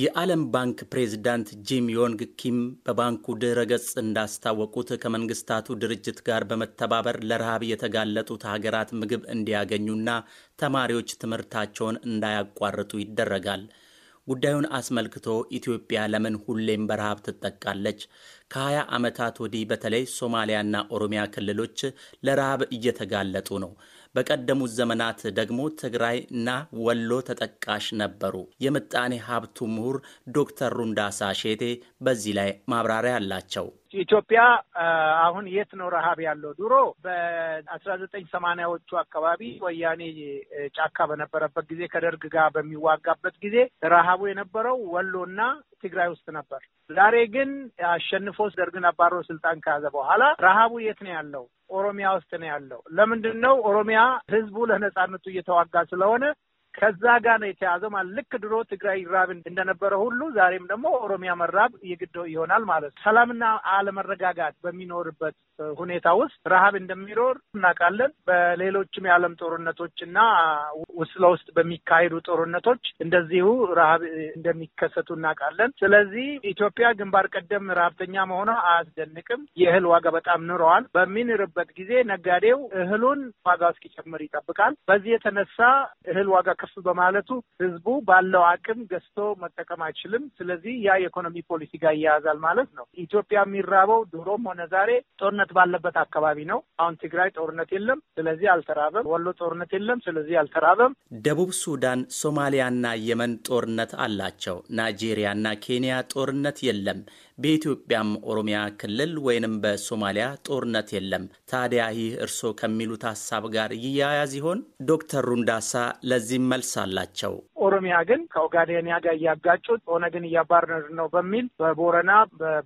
የዓለም ባንክ ፕሬዝዳንት ጂም ዮንግ ኪም በባንኩ ድረ ገጽ እንዳስታወቁት ከመንግስታቱ ድርጅት ጋር በመተባበር ለረሃብ የተጋለጡት ሀገራት ምግብ እንዲያገኙና ተማሪዎች ትምህርታቸውን እንዳያቋርጡ ይደረጋል። ጉዳዩን አስመልክቶ ኢትዮጵያ ለምን ሁሌም በረሃብ ትጠቃለች? ከ ከ20 ዓመታት ወዲህ በተለይ ሶማሊያና ኦሮሚያ ክልሎች ለረሃብ እየተጋለጡ ነው። በቀደሙት ዘመናት ደግሞ ትግራይና ወሎ ተጠቃሽ ነበሩ። የምጣኔ ሀብቱ ምሁር ዶክተር ሩንዳሳ ሼቴ በዚህ ላይ ማብራሪያ አላቸው። ኢትዮጵያ አሁን የት ነው ረሀብ ያለው? ድሮ በአስራ ዘጠኝ ሰማንያዎቹ አካባቢ ወያኔ ጫካ በነበረበት ጊዜ ከደርግ ጋር በሚዋጋበት ጊዜ ረሀቡ የነበረው ወሎና ትግራይ ውስጥ ነበር። ዛሬ ግን አሸንፎ ደርግን አባሮ ስልጣን ከያዘ በኋላ ረሀቡ የት ነው ያለው? ኦሮሚያ ውስጥ ነው ያለው። ለምንድን ነው ኦሮሚያ ህዝቡ ለነጻነቱ እየተዋጋ ስለሆነ ከዛ ጋር ነው የተያዘው ማለት ልክ ድሮ ትግራይ ራብ እንደነበረ ሁሉ ዛሬም ደግሞ ኦሮሚያ መራብ የግድ ይሆናል ማለት ነው። ሰላምና አለመረጋጋት በሚኖርበት ሁኔታ ውስጥ ረሃብ እንደሚኖር እናውቃለን። በሌሎችም የዓለም ጦርነቶች እና ውስጥ ለውስጥ በሚካሄዱ ጦርነቶች እንደዚሁ ረሃብ እንደሚከሰቱ እናውቃለን። ስለዚህ ኢትዮጵያ ግንባር ቀደም ረሀብተኛ መሆኗ አያስደንቅም። የእህል ዋጋ በጣም ኑረዋል። በሚንርበት ጊዜ ነጋዴው እህሉን ዋጋ እስኪጨምር ይጠብቃል። በዚህ የተነሳ እህል ዋጋ ከፍ በማለቱ ህዝቡ ባለው አቅም ገዝቶ መጠቀም አይችልም። ስለዚህ ያ የኢኮኖሚ ፖሊሲ ጋር ይያያዛል ማለት ነው። ኢትዮጵያ የሚራበው ድሮም ሆነ ዛሬ ጦርነት ባለበት አካባቢ ነው። አሁን ትግራይ ጦርነት የለም፣ ስለዚህ አልተራበም። ወሎ ጦርነት የለም፣ ስለዚህ አልተራበም። ደቡብ ሱዳን፣ ሶማሊያና የመን ጦርነት አላቸው። ናይጄሪያና ኬንያ ጦርነት የለም። በኢትዮጵያም ኦሮሚያ ክልል ወይንም በሶማሊያ ጦርነት የለም። ታዲያ ይህ እርስዎ ከሚሉት ሀሳብ ጋር ይያያዝ ይሆን? ዶክተር ሩንዳሳ ለዚህም መልስ አላቸው። ኦሮሚያ ግን ከኦጋዴኒያ ጋር እያጋጩት ኦነግን እያባረር ነው በሚል በቦረና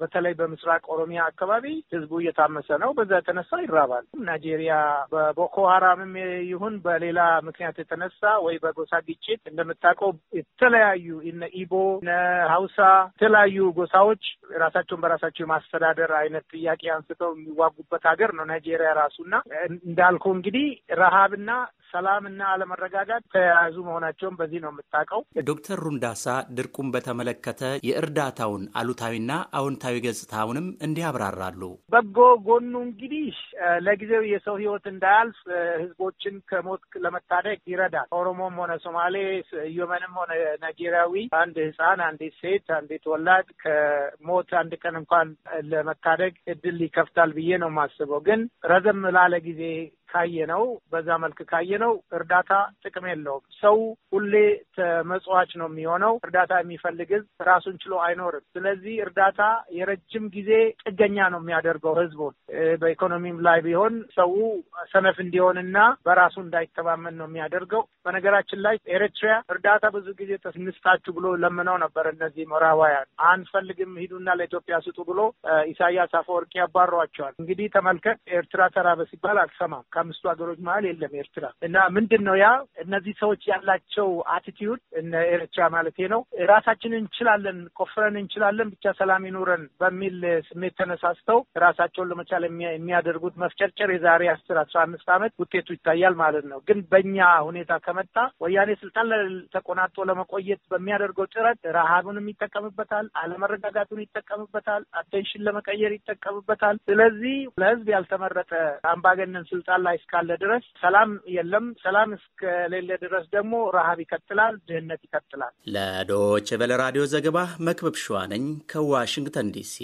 በተለይ በምስራቅ ኦሮሚያ አካባቢ ህዝቡ እየታመሰ ነው። በዛ የተነሳ ይራባል። ናይጄሪያ በቦኮ ሀራምም ይሁን በሌላ ምክንያት የተነሳ ወይ በጎሳ ግጭት እንደምታውቀው የተለያዩ እነ ኢቦ እነ ሀውሳ የተለያዩ ጎሳዎች ራሳቸውን በራሳቸው የማስተዳደር አይነት ጥያቄ አንስተው የሚዋጉበት ሀገር ነው ናይጄሪያ ራሱና እንዳልከው እንግዲህ ረሃብና ሰላም እና አለመረጋጋት ተያያዙ መሆናቸውን በዚህ ነው የምታውቀው። ዶክተር ሩንዳሳ ድርቁን በተመለከተ የእርዳታውን አሉታዊና አዎንታዊ ገጽታውንም እንዲህ ያብራራሉ። በጎ ጎኑ እንግዲህ ለጊዜው የሰው ህይወት እንዳያልፍ ህዝቦችን ከሞት ለመታደግ ይረዳል። ኦሮሞም ሆነ ሶማሌ፣ የመንም ሆነ ናይጄሪያዊ አንድ ህፃን፣ አንዲት ሴት፣ አንዲት ወላድ ከሞት አንድ ቀን እንኳን ለመታደግ እድል ይከፍታል ብዬ ነው የማስበው ግን ረዘም ላለ ጊዜ ካየ ነው በዛ መልክ ካየ ነው እርዳታ ጥቅም የለውም። ሰው ሁሌ ተመጽዋች ነው የሚሆነው። እርዳታ የሚፈልግ ህዝብ ራሱን ችሎ አይኖርም። ስለዚህ እርዳታ የረጅም ጊዜ ጥገኛ ነው የሚያደርገው ህዝቡን። በኢኮኖሚም ላይ ቢሆን ሰው ሰነፍ እንዲሆንና በራሱ እንዳይተማመን ነው የሚያደርገው። በነገራችን ላይ ኤርትሪያ እርዳታ ብዙ ጊዜ ተስንስታችሁ ብሎ ለምነው ነበር። እነዚህ ምዕራባውያን አንፈልግም፣ ሂዱና ለኢትዮጵያ ስጡ ብሎ ኢሳያስ አፈወርቂ ያባሯቸዋል። እንግዲህ ተመልከት፣ ኤርትራ ተራበ ሲባል አልሰማም። አምስቱ ሀገሮች መሀል የለም ኤርትራ እና ምንድን ነው ያ እነዚህ ሰዎች ያላቸው አቲቲዩድ እነ ኤርትራ ማለት ነው ራሳችንን እንችላለን ቆፍረን እንችላለን ብቻ ሰላም ይኑረን በሚል ስሜት ተነሳስተው ራሳቸውን ለመቻል የሚያደርጉት መፍጨርጨር የዛሬ አስር አስራ አምስት ዓመት ውጤቱ ይታያል ማለት ነው። ግን በእኛ ሁኔታ ከመጣ ወያኔ ስልጣን ተቆናጦ ለመቆየት በሚያደርገው ጥረት ረሃቡንም ይጠቀምበታል፣ አለመረጋጋቱን ይጠቀምበታል፣ አቴንሽን ለመቀየር ይጠቀምበታል። ስለዚህ ለህዝብ ያልተመረጠ አምባገነን ስልጣን ላይ ላይ እስካለ ድረስ ሰላም የለም። ሰላም እስከሌለ ድረስ ደግሞ ረሃብ ይቀጥላል፣ ድህነት ይቀጥላል። ለዶች ቬለ ራዲዮ ዘገባ መክበብ ሸዋነኝ ከዋሽንግተን ዲሲ